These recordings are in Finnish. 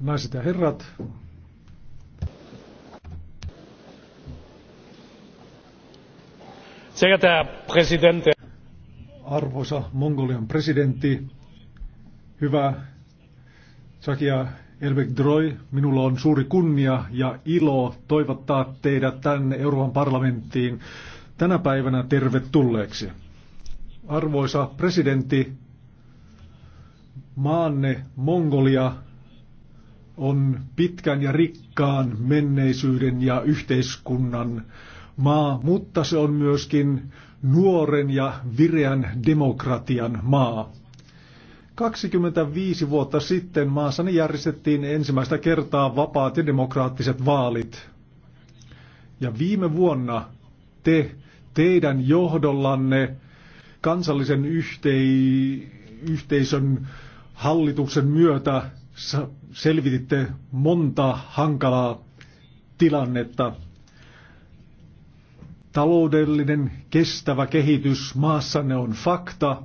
Naiset ja herrat, Arvoisa Mongolian presidentti, hyvä Sakia Elbek Droi, minulla on suuri kunnia ja ilo toivottaa teidät tänne Euroopan parlamenttiin tänä päivänä tervetulleeksi. Arvoisa presidentti, maanne Mongolia on pitkän ja rikkaan menneisyyden ja yhteiskunnan maa, mutta se on myöskin nuoren ja vireän demokratian maa. 25 vuotta sitten maassani järjestettiin ensimmäistä kertaa vapaat ja demokraattiset vaalit. Ja viime vuonna te, teidän johdollanne, kansallisen yhtei, yhteisön hallituksen myötä selvititte monta hankalaa tilannetta. Taloudellinen kestävä kehitys maassanne on fakta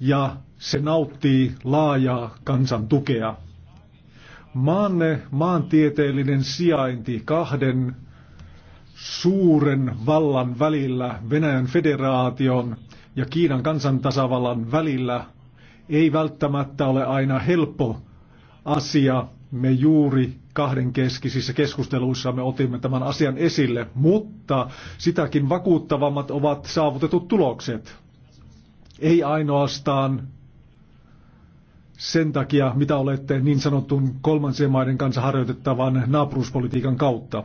ja se nauttii laajaa kansan tukea. Maanne maantieteellinen sijainti kahden suuren vallan välillä, Venäjän federaation ja Kiinan kansantasavallan välillä, ei välttämättä ole aina helppo asia. Me juuri kahdenkeskisissä keskusteluissa me otimme tämän asian esille, mutta sitäkin vakuuttavammat ovat saavutetut tulokset. Ei ainoastaan sen takia, mitä olette niin sanotun kolmansien maiden kanssa harjoitettavan naapuruuspolitiikan kautta.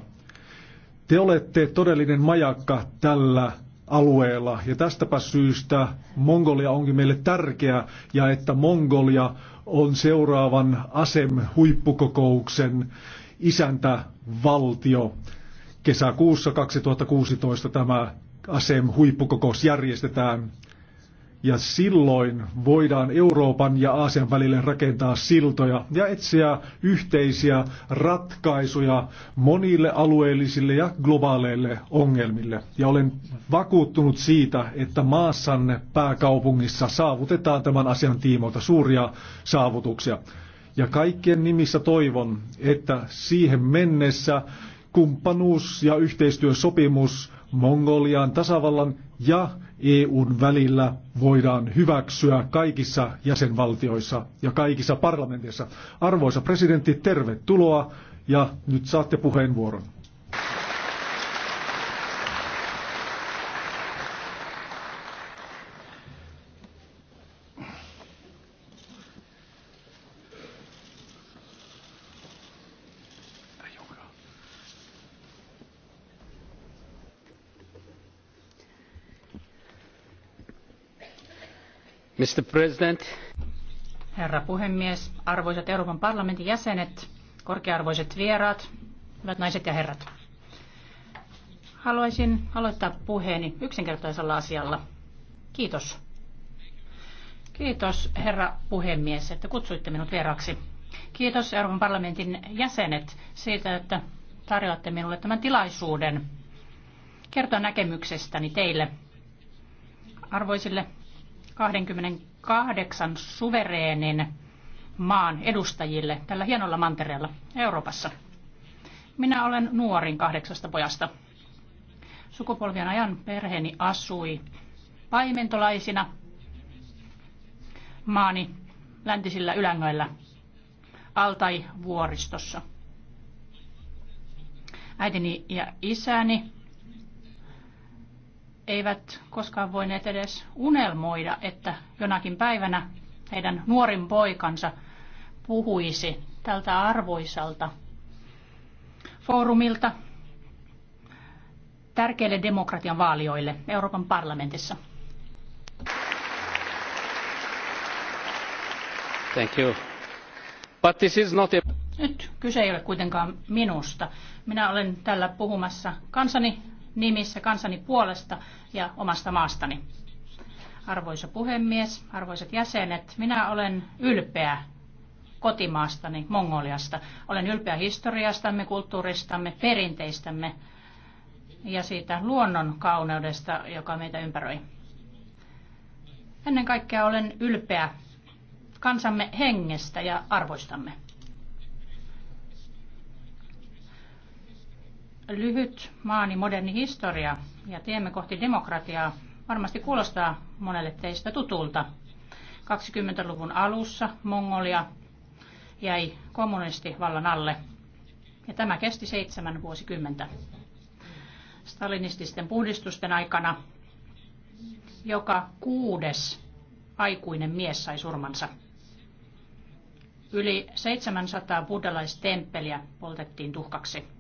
Te olette todellinen majakka tällä alueella. Ja tästäpä syystä Mongolia onkin meille tärkeä ja että Mongolia on seuraavan ASEM-huippukokouksen isäntävaltio. Kesäkuussa 2016 tämä ASEM-huippukokous järjestetään. Ja silloin voidaan Euroopan ja Aasian välille rakentaa siltoja ja etsiä yhteisiä ratkaisuja monille alueellisille ja globaaleille ongelmille. Ja olen vakuuttunut siitä, että maassanne pääkaupungissa saavutetaan tämän asian tiimoilta suuria saavutuksia. Ja kaikkien nimissä toivon, että siihen mennessä kumppanuus- ja yhteistyösopimus Mongolian tasavallan ja EUn välillä voidaan hyväksyä kaikissa jäsenvaltioissa ja kaikissa parlamenteissa. Arvoisa presidentti, tervetuloa ja nyt saatte puheenvuoron. Herra puhemies, arvoisat Euroopan parlamentin jäsenet, korkearvoiset vieraat, hyvät naiset ja herrat. Haluaisin aloittaa puheeni yksinkertaisella asialla. Kiitos. Kiitos, herra puhemies, että kutsuitte minut vieraksi. Kiitos Euroopan parlamentin jäsenet siitä, että tarjoatte minulle tämän tilaisuuden kertoa näkemyksestäni teille, arvoisille 28 suvereenin maan edustajille tällä hienolla mantereella Euroopassa. Minä olen nuorin kahdeksasta pojasta. Sukupolvien ajan perheeni asui paimentolaisina maani läntisillä ylängöillä Altai-vuoristossa. Äitini ja isäni eivät koskaan voineet edes unelmoida, että jonakin päivänä heidän nuorin poikansa puhuisi tältä arvoisalta foorumilta tärkeille demokratian vaalioille Euroopan parlamentissa. Thank you. But this is not a... Nyt kyse ei ole kuitenkaan minusta. Minä olen tällä puhumassa kansani nimissä kansani puolesta ja omasta maastani. Arvoisa puhemies, arvoisat jäsenet, minä olen ylpeä kotimaastani, Mongoliasta. Olen ylpeä historiastamme, kulttuuristamme, perinteistämme ja siitä luonnon kauneudesta, joka meitä ympäröi. Ennen kaikkea olen ylpeä kansamme hengestä ja arvoistamme. lyhyt maani moderni historia ja teemme kohti demokratiaa varmasti kuulostaa monelle teistä tutulta. 20-luvun alussa Mongolia jäi kommunistivallan alle ja tämä kesti seitsemän vuosikymmentä. Stalinististen puhdistusten aikana joka kuudes aikuinen mies sai surmansa. Yli 700 buddhalaistemppeliä poltettiin tuhkaksi.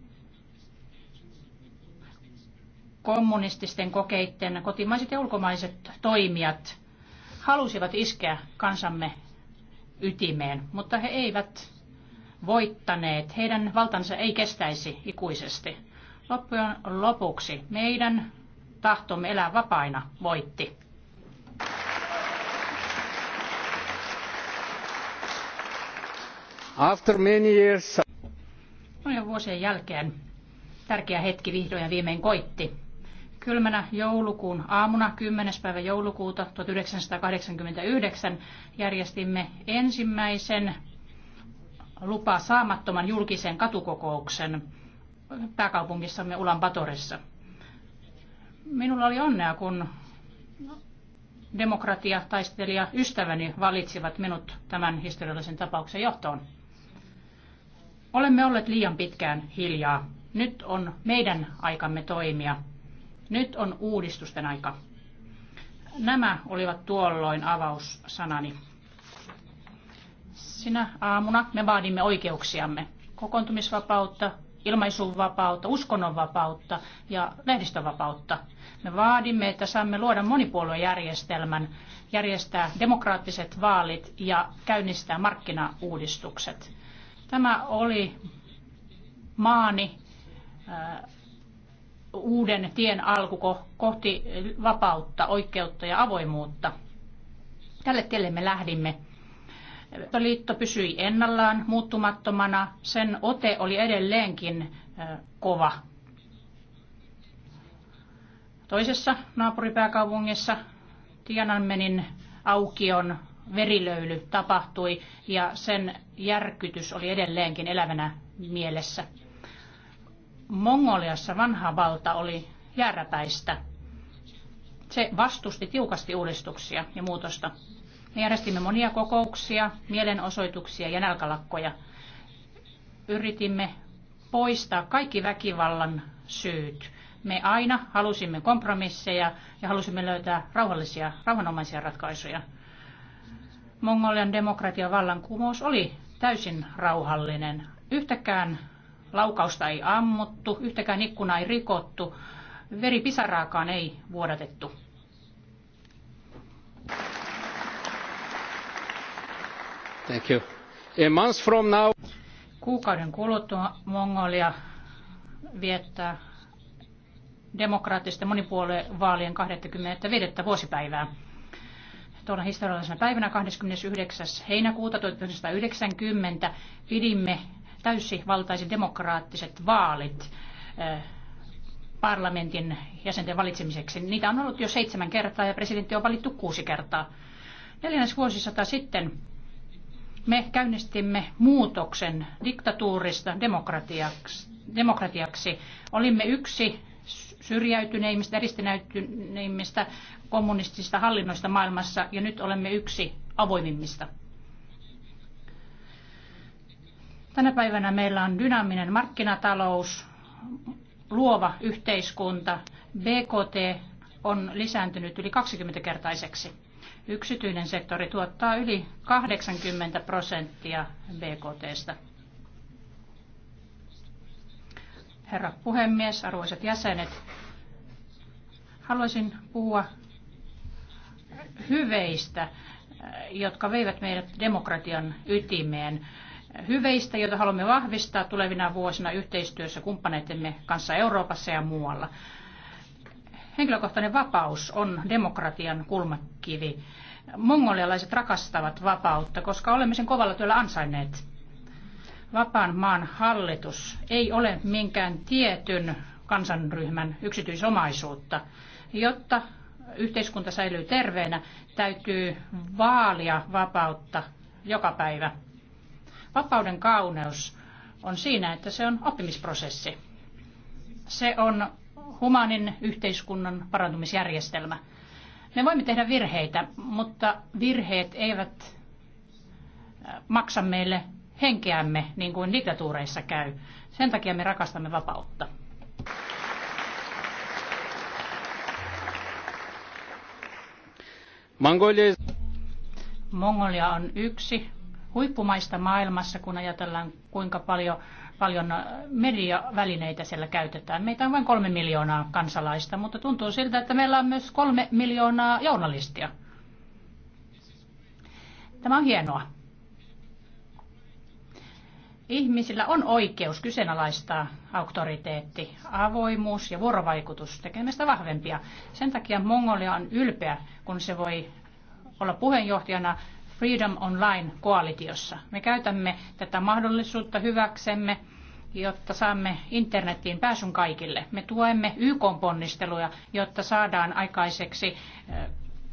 kommunististen kokeitten kotimaiset ja ulkomaiset toimijat halusivat iskeä kansamme ytimeen, mutta he eivät voittaneet. Heidän valtansa ei kestäisi ikuisesti. Loppujen lopuksi meidän tahtomme elää vapaina voitti. After many years... No vuosien jälkeen tärkeä hetki vihdoin ja viimein koitti. Kylmänä joulukuun aamuna 10. päivä joulukuuta 1989 järjestimme ensimmäisen lupa saamattoman julkisen katukokouksen pääkaupungissamme Batorissa. Minulla oli onnea, kun demokratia taistelija ystäväni valitsivat minut tämän historiallisen tapauksen johtoon. Olemme olleet liian pitkään hiljaa. Nyt on meidän aikamme toimia. Nyt on uudistusten aika. Nämä olivat tuolloin avaussanani. Sinä aamuna me vaadimme oikeuksiamme. Kokoontumisvapautta, ilmaisuvapautta, uskonnonvapautta ja lehdistövapautta. Me vaadimme, että saamme luoda monipuoluejärjestelmän, järjestää demokraattiset vaalit ja käynnistää markkinauudistukset. Tämä oli maani uuden tien alku kohti vapautta, oikeutta ja avoimuutta. Tälle tielle me lähdimme. Liitto pysyi ennallaan muuttumattomana. Sen ote oli edelleenkin kova. Toisessa naapuripääkaupungissa Tiananmenin aukion verilöyly tapahtui ja sen järkytys oli edelleenkin elävänä mielessä. Mongoliassa vanha valta oli jääräpäistä. Se vastusti tiukasti uudistuksia ja muutosta. Me järjestimme monia kokouksia, mielenosoituksia ja nälkälakkoja. Yritimme poistaa kaikki väkivallan syyt. Me aina halusimme kompromisseja ja halusimme löytää rauhallisia, rauhanomaisia ratkaisuja. Mongolian demokratian vallankumous oli täysin rauhallinen. Yhtäkään laukausta ei ammuttu, yhtäkään ikkunaa ei rikottu, veripisaraakaan ei vuodatettu. Thank you. A month from now... Kuukauden kuluttua Mongolia viettää demokraattisten monipuoluevaalien 25. vuosipäivää. Tuolla historiallisena päivänä 29. heinäkuuta 1990 pidimme täysivaltaiset demokraattiset vaalit eh, parlamentin jäsenten valitsemiseksi. Niitä on ollut jo seitsemän kertaa ja presidentti on valittu kuusi kertaa. Neljännes vuosisata sitten me käynnistimme muutoksen diktatuurista demokratiaksi. demokratiaksi. Olimme yksi syrjäytyneimmistä, eristenäytyneimmistä kommunistisista hallinnoista maailmassa ja nyt olemme yksi avoimimmista. Tänä päivänä meillä on dynaaminen markkinatalous, luova yhteiskunta, BKT on lisääntynyt yli 20-kertaiseksi. Yksityinen sektori tuottaa yli 80 prosenttia BKTstä. Herra puhemies, arvoisat jäsenet, haluaisin puhua hyveistä, jotka veivät meidät demokratian ytimeen hyveistä, joita haluamme vahvistaa tulevina vuosina yhteistyössä kumppaneidemme kanssa Euroopassa ja muualla. Henkilökohtainen vapaus on demokratian kulmakivi. Mongolialaiset rakastavat vapautta, koska olemme sen kovalla työllä ansainneet. Vapaan maan hallitus ei ole minkään tietyn kansanryhmän yksityisomaisuutta. Jotta yhteiskunta säilyy terveenä, täytyy vaalia vapautta joka päivä. Vapauden kauneus on siinä, että se on oppimisprosessi. Se on humanin yhteiskunnan parantumisjärjestelmä. Me voimme tehdä virheitä, mutta virheet eivät maksa meille henkeämme, niin kuin diktatuureissa käy. Sen takia me rakastamme vapautta. Mongolia on yksi huippumaista maailmassa, kun ajatellaan kuinka paljon, paljon äh, mediavälineitä siellä käytetään. Meitä on vain kolme miljoonaa kansalaista, mutta tuntuu siltä, että meillä on myös kolme miljoonaa journalistia. Tämä on hienoa. Ihmisillä on oikeus kyseenalaistaa auktoriteetti, avoimuus ja vuorovaikutus tekemistä vahvempia. Sen takia Mongolia on ylpeä, kun se voi olla puheenjohtajana Freedom Online-koalitiossa. Me käytämme tätä mahdollisuutta hyväksemme, jotta saamme internetiin pääsyn kaikille. Me tuemme YK-ponnisteluja, jotta saadaan aikaiseksi eh,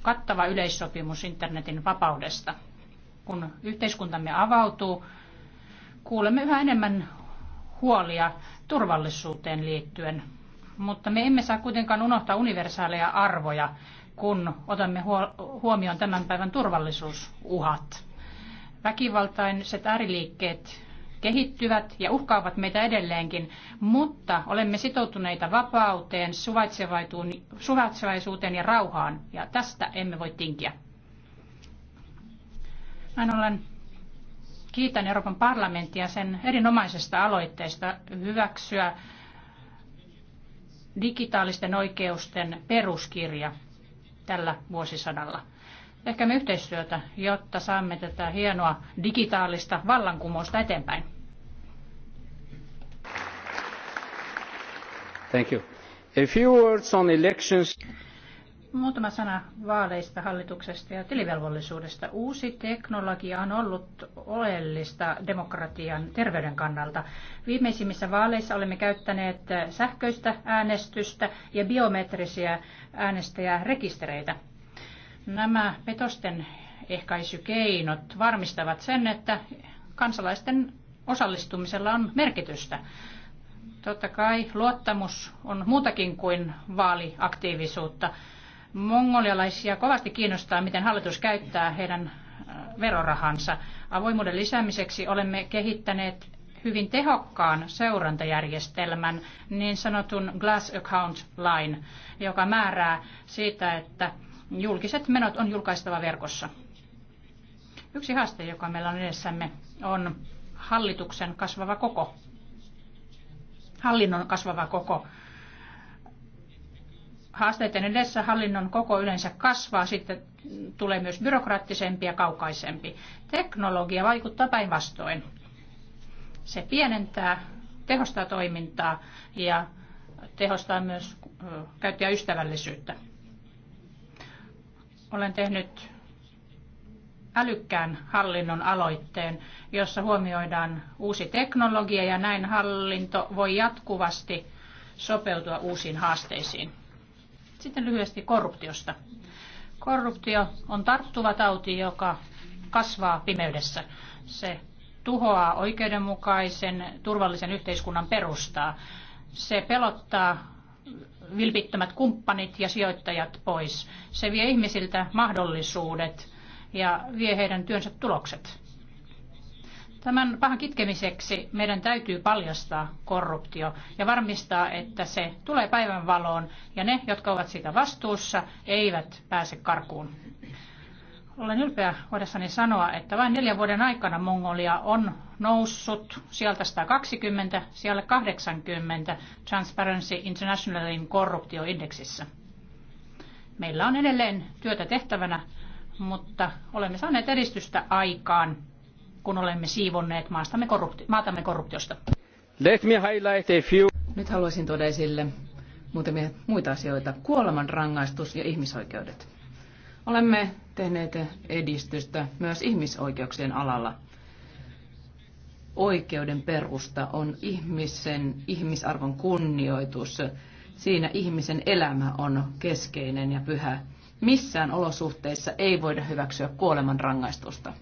kattava yleissopimus internetin vapaudesta. Kun yhteiskuntamme avautuu, kuulemme yhä enemmän huolia turvallisuuteen liittyen, mutta me emme saa kuitenkaan unohtaa universaaleja arvoja, kun otamme huomioon tämän päivän turvallisuusuhat. Väkivaltaiset ääriliikkeet kehittyvät ja uhkaavat meitä edelleenkin, mutta olemme sitoutuneita vapauteen, suvaitsevaisuuteen ja rauhaan, ja tästä emme voi tinkiä. Näin ollen kiitän Euroopan parlamenttia sen erinomaisesta aloitteesta hyväksyä digitaalisten oikeusten peruskirja tällä vuosisadalla. me yhteistyötä, jotta saamme tätä hienoa digitaalista vallankumousta eteenpäin. Thank you. A few words on elections. Muutama sana vaaleista, hallituksesta ja tilivelvollisuudesta. Uusi teknologia on ollut oleellista demokratian terveyden kannalta. Viimeisimmissä vaaleissa olemme käyttäneet sähköistä äänestystä ja biometrisiä äänestäjärekistereitä. Nämä petosten ehkäisykeinot varmistavat sen, että kansalaisten osallistumisella on merkitystä. Totta kai luottamus on muutakin kuin vaaliaktiivisuutta. Mongolialaisia kovasti kiinnostaa, miten hallitus käyttää heidän äh, verorahansa. Avoimuuden lisäämiseksi olemme kehittäneet hyvin tehokkaan seurantajärjestelmän, niin sanotun Glass Account Line, joka määrää siitä, että julkiset menot on julkaistava verkossa. Yksi haaste, joka meillä on edessämme, on hallituksen kasvava koko. Hallinnon kasvava koko haasteiden edessä hallinnon koko yleensä kasvaa, sitten tulee myös byrokraattisempi ja kaukaisempi. Teknologia vaikuttaa päinvastoin. Se pienentää, tehostaa toimintaa ja tehostaa myös käyttäjäystävällisyyttä. Olen tehnyt älykkään hallinnon aloitteen, jossa huomioidaan uusi teknologia ja näin hallinto voi jatkuvasti sopeutua uusiin haasteisiin. Sitten lyhyesti korruptiosta. Korruptio on tarttuva tauti, joka kasvaa pimeydessä. Se tuhoaa oikeudenmukaisen, turvallisen yhteiskunnan perustaa. Se pelottaa vilpittömät kumppanit ja sijoittajat pois. Se vie ihmisiltä mahdollisuudet ja vie heidän työnsä tulokset. Tämän pahan kitkemiseksi meidän täytyy paljastaa korruptio ja varmistaa, että se tulee päivän valoon ja ne, jotka ovat siitä vastuussa, eivät pääse karkuun. Olen ylpeä voidessani sanoa, että vain neljän vuoden aikana Mongolia on noussut sieltä 120, siellä 80 Transparency Internationalin korruptioindeksissä. Meillä on edelleen työtä tehtävänä, mutta olemme saaneet edistystä aikaan kun olemme siivonneet maastamme korrupti- maatamme korruptiosta. Let me highlight a few... Nyt haluaisin tuoda esille muutamia muita asioita. Kuoleman rangaistus ja ihmisoikeudet. Olemme tehneet edistystä myös ihmisoikeuksien alalla. Oikeuden perusta on ihmisen ihmisarvon kunnioitus. Siinä ihmisen elämä on keskeinen ja pyhä. Missään olosuhteissa ei voida hyväksyä kuoleman rangaistusta.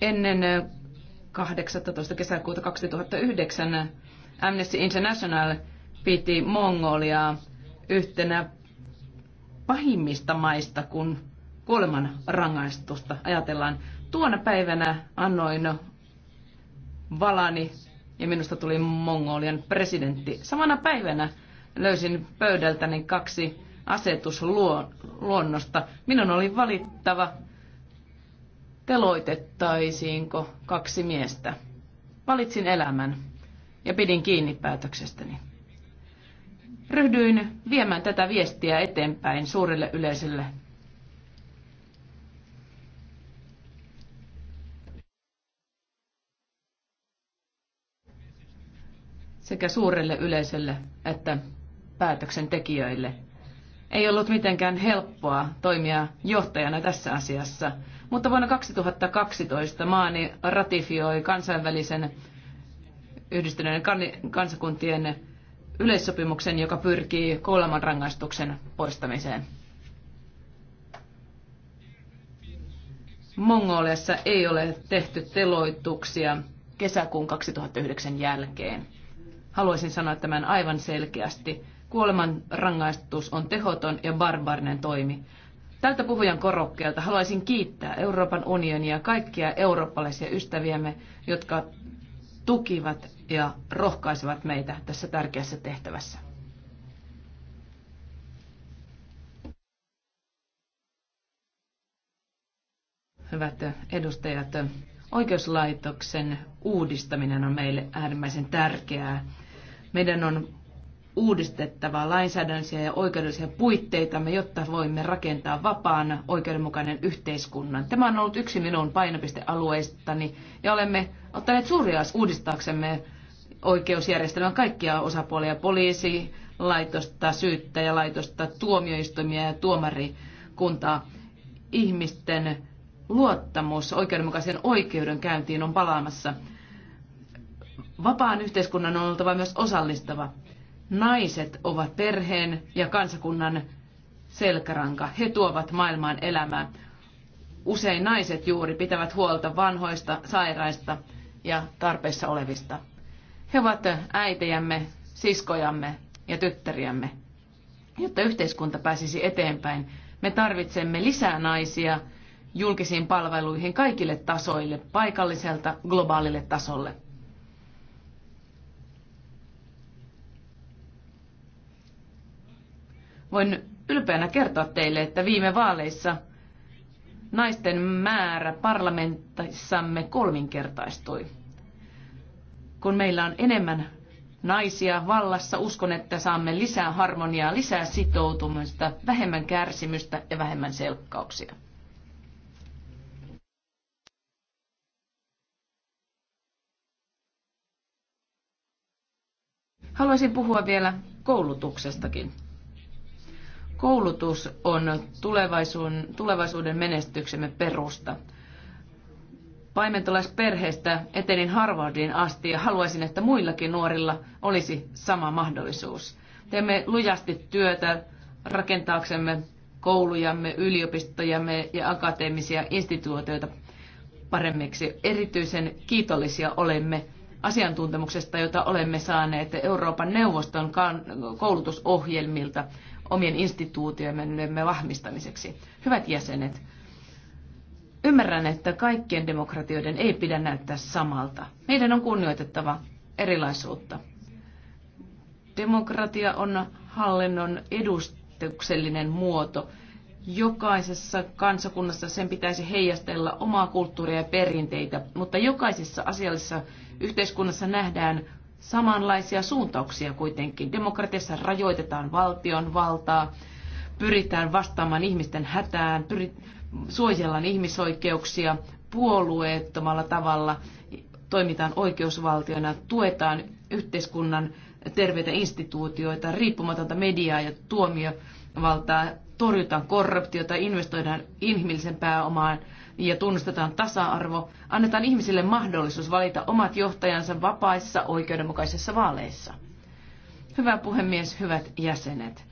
Ennen 18. Äh, kesäkuuta 2009 Amnesty International piti Mongolia yhtenä pahimmista maista, kun kuoleman rangaistusta ajatellaan. Tuona päivänä annoin valani ja minusta tuli Mongolian presidentti. Samana päivänä löysin pöydältäni kaksi asetusluonnosta. Minun oli valittava teloitettaisiinko kaksi miestä. Valitsin elämän ja pidin kiinni päätöksestäni. Ryhdyin viemään tätä viestiä eteenpäin suurelle yleisölle. sekä suurelle yleisölle että päätöksentekijöille ei ollut mitenkään helppoa toimia johtajana tässä asiassa, mutta vuonna 2012 maani ratifioi kansainvälisen yhdistyneiden kansakuntien yleissopimuksen, joka pyrkii kuolemanrangaistuksen poistamiseen. Mongoliassa ei ole tehty teloituksia kesäkuun 2009 jälkeen. Haluaisin sanoa tämän aivan selkeästi. Kuoleman rangaistus on tehoton ja barbarinen toimi. Tältä puhujan korokkeelta haluaisin kiittää Euroopan unionia ja kaikkia eurooppalaisia ystäviämme, jotka tukivat ja rohkaisivat meitä tässä tärkeässä tehtävässä. Hyvät edustajat, oikeuslaitoksen uudistaminen on meille äärimmäisen tärkeää. Meidän on uudistettava lainsäädännöllisiä ja oikeudellisia puitteitamme, jotta voimme rakentaa vapaan, oikeudenmukainen yhteiskunnan. Tämä on ollut yksi minun painopistealueistani ja olemme ottaneet suuria uudistaaksemme oikeusjärjestelmän kaikkia osapuolia, poliisi, laitosta, syyttäjälaitosta, tuomioistuimia ja tuomarikuntaa. Ihmisten luottamus oikeudenmukaisen oikeudenkäyntiin on palaamassa. Vapaan yhteiskunnan on oltava myös osallistava. Naiset ovat perheen ja kansakunnan selkäranka. He tuovat maailmaan elämää. Usein naiset juuri pitävät huolta vanhoista, sairaista ja tarpeissa olevista. He ovat äitejämme, siskojamme ja tyttäriämme. Jotta yhteiskunta pääsisi eteenpäin, me tarvitsemme lisää naisia julkisiin palveluihin kaikille tasoille, paikalliselta globaalille tasolle. Voin ylpeänä kertoa teille, että viime vaaleissa naisten määrä parlamentissamme kolminkertaistui. Kun meillä on enemmän naisia vallassa, uskon, että saamme lisää harmoniaa, lisää sitoutumista, vähemmän kärsimystä ja vähemmän selkkauksia. Haluaisin puhua vielä koulutuksestakin. Koulutus on tulevaisuuden, tulevaisuuden menestyksemme perusta. Paimentolaisperheestä etenin Harvardiin asti ja haluaisin, että muillakin nuorilla olisi sama mahdollisuus. Teemme lujasti työtä rakentaaksemme koulujamme, yliopistojamme ja akateemisia instituutioita paremmiksi. Erityisen kiitollisia olemme asiantuntemuksesta, jota olemme saaneet Euroopan neuvoston koulutusohjelmilta omien instituutioimme vahvistamiseksi. Hyvät jäsenet, ymmärrän, että kaikkien demokratioiden ei pidä näyttää samalta. Meidän on kunnioitettava erilaisuutta. Demokratia on hallinnon edustuksellinen muoto. Jokaisessa kansakunnassa sen pitäisi heijastella omaa kulttuuria ja perinteitä, mutta jokaisessa asiallisessa yhteiskunnassa nähdään samanlaisia suuntauksia kuitenkin. Demokratiassa rajoitetaan valtion valtaa, pyritään vastaamaan ihmisten hätään, pyrit, suojellaan ihmisoikeuksia puolueettomalla tavalla, toimitaan oikeusvaltiona, tuetaan yhteiskunnan terveitä instituutioita, riippumatonta mediaa ja tuomiovaltaa, torjutaan korruptiota, investoidaan inhimillisen pääomaan, ja tunnustetaan tasa-arvo, annetaan ihmisille mahdollisuus valita omat johtajansa vapaissa oikeudenmukaisissa vaaleissa. Hyvä puhemies, hyvät jäsenet.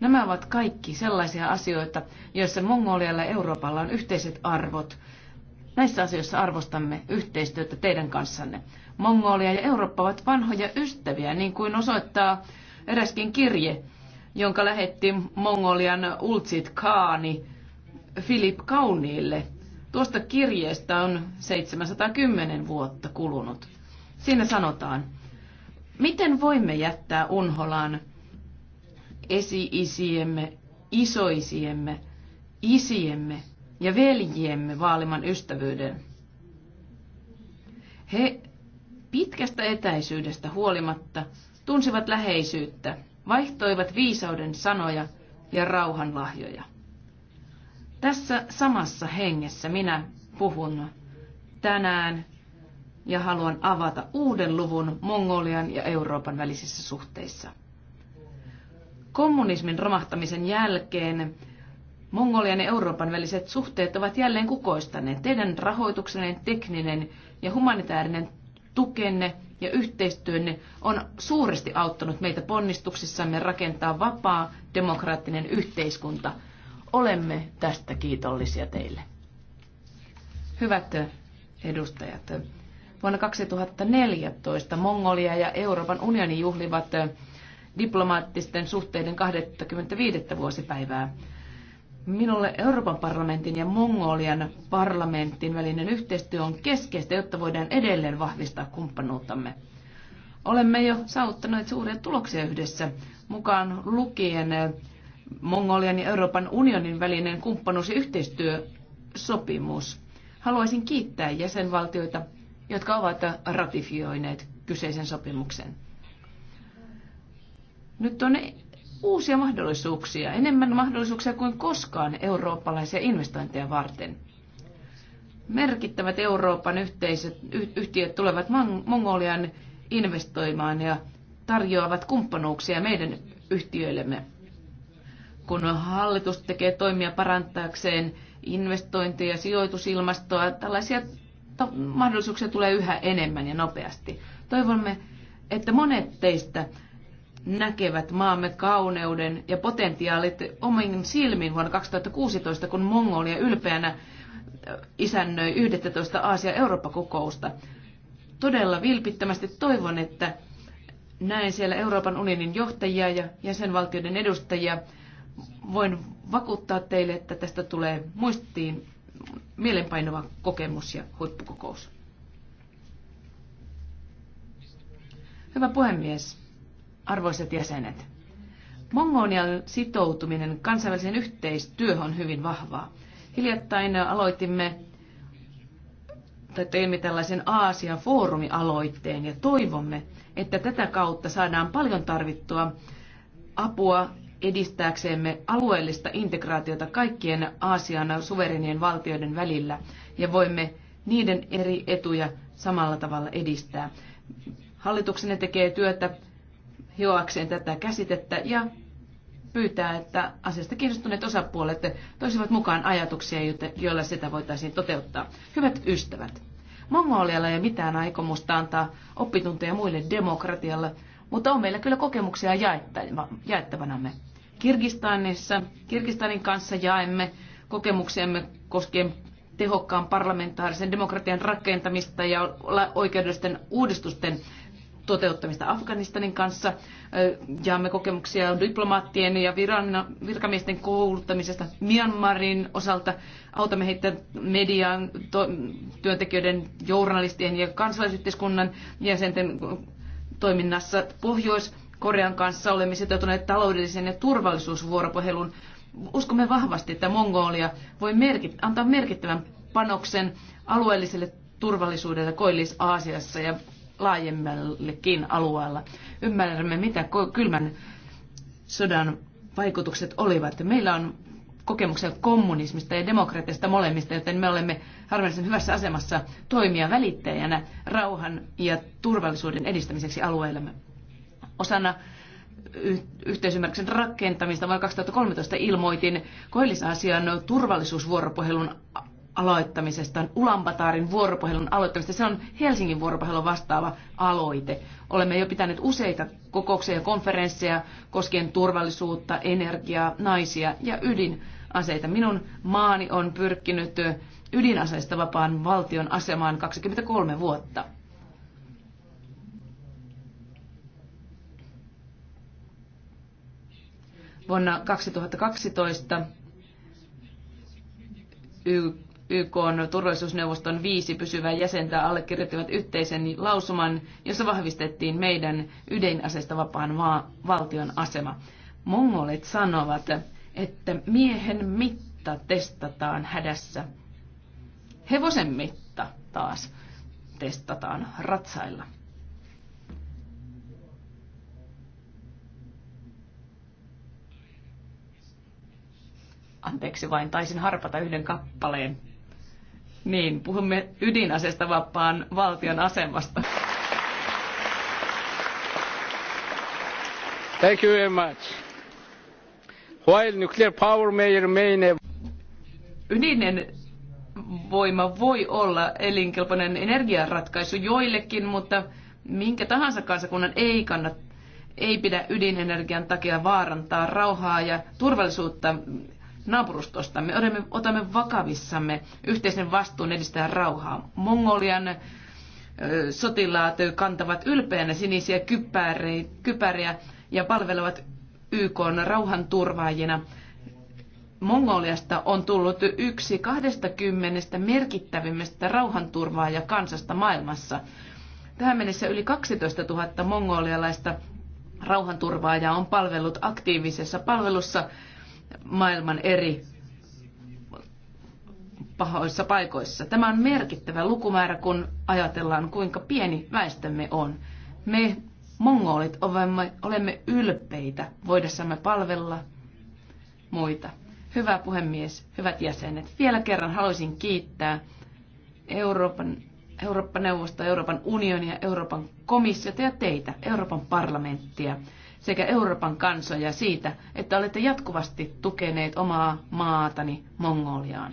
Nämä ovat kaikki sellaisia asioita, joissa Mongolialla ja Euroopalla on yhteiset arvot. Näissä asioissa arvostamme yhteistyötä teidän kanssanne. Mongolia ja Eurooppa ovat vanhoja ystäviä, niin kuin osoittaa eräskin kirje, jonka lähetti Mongolian Ultsit Kaani Filip Kauniille Tuosta kirjeestä on 710 vuotta kulunut. Siinä sanotaan, miten voimme jättää unholaan esi-isiemme, isoisiemme, isiemme ja veljiemme vaaliman ystävyyden. He pitkästä etäisyydestä huolimatta tunsivat läheisyyttä, vaihtoivat viisauden sanoja ja rauhan lahjoja. Tässä samassa hengessä minä puhun tänään ja haluan avata uuden luvun Mongolian ja Euroopan välisissä suhteissa. Kommunismin romahtamisen jälkeen Mongolian ja Euroopan väliset suhteet ovat jälleen kukoistaneet. Teidän rahoituksenne, tekninen ja humanitaarinen tukenne ja yhteistyönne on suuresti auttanut meitä ponnistuksissamme rakentaa vapaa, demokraattinen yhteiskunta – Olemme tästä kiitollisia teille. Hyvät edustajat, vuonna 2014 Mongolia ja Euroopan unioni juhlivat diplomaattisten suhteiden 25. vuosipäivää. Minulle Euroopan parlamentin ja Mongolian parlamentin välinen yhteistyö on keskeistä, jotta voidaan edelleen vahvistaa kumppanuuttamme. Olemme jo saavuttaneet suuria tuloksia yhdessä, mukaan lukien Mongolian ja Euroopan unionin välinen kumppanuus- ja yhteistyösopimus. Haluaisin kiittää jäsenvaltioita, jotka ovat ratifioineet kyseisen sopimuksen. Nyt on uusia mahdollisuuksia, enemmän mahdollisuuksia kuin koskaan eurooppalaisia investointeja varten. Merkittävät Euroopan yhteiset, yhtiöt tulevat Mongolian investoimaan ja tarjoavat kumppanuuksia meidän yhtiöillemme kun hallitus tekee toimia parantaakseen investointeja ja sijoitusilmastoa, tällaisia mahdollisuuksia tulee yhä enemmän ja nopeasti. Toivomme, että monet teistä näkevät maamme kauneuden ja potentiaalit omin silmin vuonna 2016, kun Mongolia ylpeänä isännöi 11 Aasia-Eurooppa-kokousta. Todella vilpittömästi toivon, että näen siellä Euroopan unionin johtajia ja jäsenvaltioiden edustajia voin vakuuttaa teille, että tästä tulee muistiin mielenpainova kokemus ja huippukokous. Hyvä puhemies, arvoisat jäsenet. Mongolian sitoutuminen kansainväliseen yhteistyöhön on hyvin vahvaa. Hiljattain aloitimme tai teimme tällaisen Aasian foorumialoitteen ja toivomme, että tätä kautta saadaan paljon tarvittua apua edistääksemme alueellista integraatiota kaikkien Aasian suverenien valtioiden välillä ja voimme niiden eri etuja samalla tavalla edistää. Hallituksenne tekee työtä hioakseen tätä käsitettä ja pyytää, että asiasta kiinnostuneet osapuolet toisivat mukaan ajatuksia, joilla sitä voitaisiin toteuttaa. Hyvät ystävät, Mongolialla ei ole mitään aikomusta antaa oppitunteja muille demokratialle, mutta on meillä kyllä kokemuksia jaettavanamme. Kirgistanissa, Kirgistanin kanssa jaemme kokemuksiamme koskien tehokkaan parlamentaarisen demokratian rakentamista ja oikeudellisten uudistusten toteuttamista Afganistanin kanssa. Jaamme kokemuksia diplomaattien ja virkamiesten kouluttamisesta Myanmarin osalta. Autamme heitä median, to, työntekijöiden, journalistien ja kansalaisyhteiskunnan jäsenten toiminnassa. Pohjois- Korean kanssa olemme sitoutuneet taloudellisen ja turvallisuusvuoropuhelun. Uskomme vahvasti, että Mongolia voi merkit- antaa merkittävän panoksen alueelliselle turvallisuudelle Koillis-Aasiassa ja laajemmallekin alueella. Ymmärrämme, mitä kylmän sodan vaikutukset olivat. Meillä on kokemuksia kommunismista ja demokratiasta molemmista, joten me olemme harvinaisen hyvässä asemassa toimia välittäjänä rauhan ja turvallisuuden edistämiseksi alueellamme osana yhteisymmärryksen rakentamista vuonna 2013 ilmoitin koillisasian turvallisuusvuoropuhelun aloittamisesta, Ulanbataarin vuoropuhelun aloittamisesta. Se on Helsingin vuoropuhelun vastaava aloite. Olemme jo pitäneet useita kokouksia ja konferensseja koskien turvallisuutta, energiaa, naisia ja ydinaseita. Minun maani on pyrkinyt ydinaseista vapaan valtion asemaan 23 vuotta. Vuonna 2012 YK on turvallisuusneuvoston viisi pysyvää jäsentä allekirjoittivat yhteisen lausuman, jossa vahvistettiin meidän ydinaseista vapaan valtion asema. Mongolit sanovat, että miehen mitta testataan hädässä. Hevosen mitta taas testataan ratsailla. Anteeksi vain, taisin harpata yhden kappaleen. Niin, puhumme ydinaseesta vapaan valtion asemasta. Thank you very much. While nuclear power may remain a... Ydinen voima voi olla elinkelpoinen energiaratkaisu joillekin, mutta minkä tahansa kansakunnan ei kannata ei pidä ydinenergian takia vaarantaa rauhaa ja turvallisuutta naapurustostamme. Otamme, otamme vakavissamme yhteisen vastuun edistää rauhaa. Mongolian sotilaat kantavat ylpeänä sinisiä kypäriä ja palvelevat YK rauhanturvaajina. Mongoliasta on tullut yksi 20 merkittävimmästä kansasta maailmassa. Tähän mennessä yli 12 000 mongolialaista rauhanturvaajaa on palvellut aktiivisessa palvelussa maailman eri pahoissa paikoissa. Tämä on merkittävä lukumäärä, kun ajatellaan, kuinka pieni väestömme on. Me mongolit olemme, olemme ylpeitä voidessamme palvella muita. Hyvä puhemies, hyvät jäsenet, vielä kerran haluaisin kiittää Euroopan Eurooppa-neuvosto, Euroopan unionia, Euroopan komissiota ja teitä, Euroopan parlamenttia sekä Euroopan kansoja siitä, että olette jatkuvasti tukeneet omaa maatani Mongoliaan.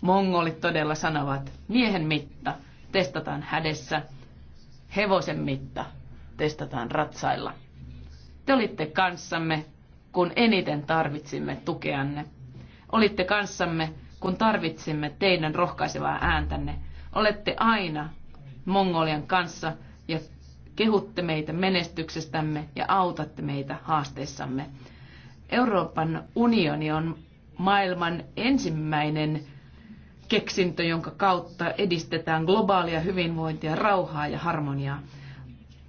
Mongolit todella sanovat, miehen mitta testataan hädessä, hevosen mitta testataan ratsailla. Te olitte kanssamme, kun eniten tarvitsimme tukeanne. Olitte kanssamme, kun tarvitsimme teidän rohkaisevaa ääntänne. Olette aina Mongolian kanssa ja kehutte meitä menestyksestämme ja autatte meitä haasteissamme. Euroopan unioni on maailman ensimmäinen keksintö, jonka kautta edistetään globaalia hyvinvointia, rauhaa ja harmoniaa.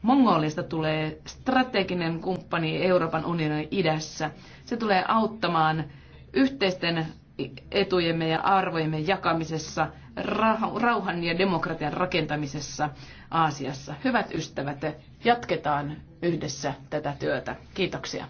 Mongolista tulee strateginen kumppani Euroopan unionin idässä. Se tulee auttamaan yhteisten etujemme ja arvojemme jakamisessa rauhan ja demokratian rakentamisessa Aasiassa. Hyvät ystävät, jatketaan yhdessä tätä työtä. Kiitoksia.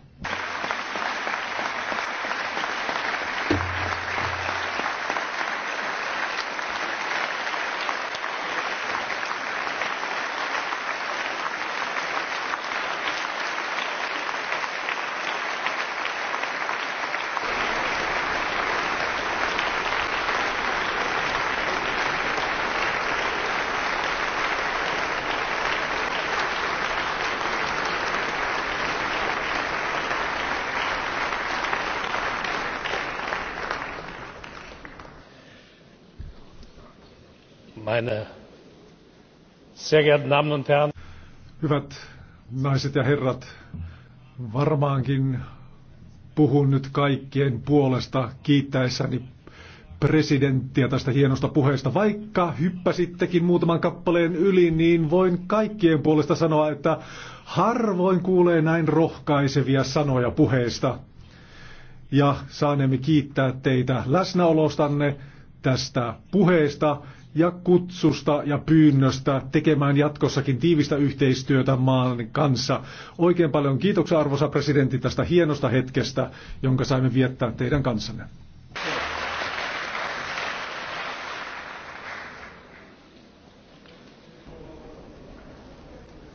meine sehr geehrten Damen und Herren. Hyvät naiset ja herrat, varmaankin puhun nyt kaikkien puolesta kiittäessäni presidenttiä tästä hienosta puheesta. Vaikka hyppäsittekin muutaman kappaleen yli, niin voin kaikkien puolesta sanoa, että harvoin kuulee näin rohkaisevia sanoja puheesta. Ja saanemme kiittää teitä läsnäolostanne tästä puheesta ja kutsusta ja pyynnöstä tekemään jatkossakin tiivistä yhteistyötä maan kanssa. Oikein paljon kiitoksia arvoisa presidentti tästä hienosta hetkestä, jonka saimme viettää teidän kanssanne.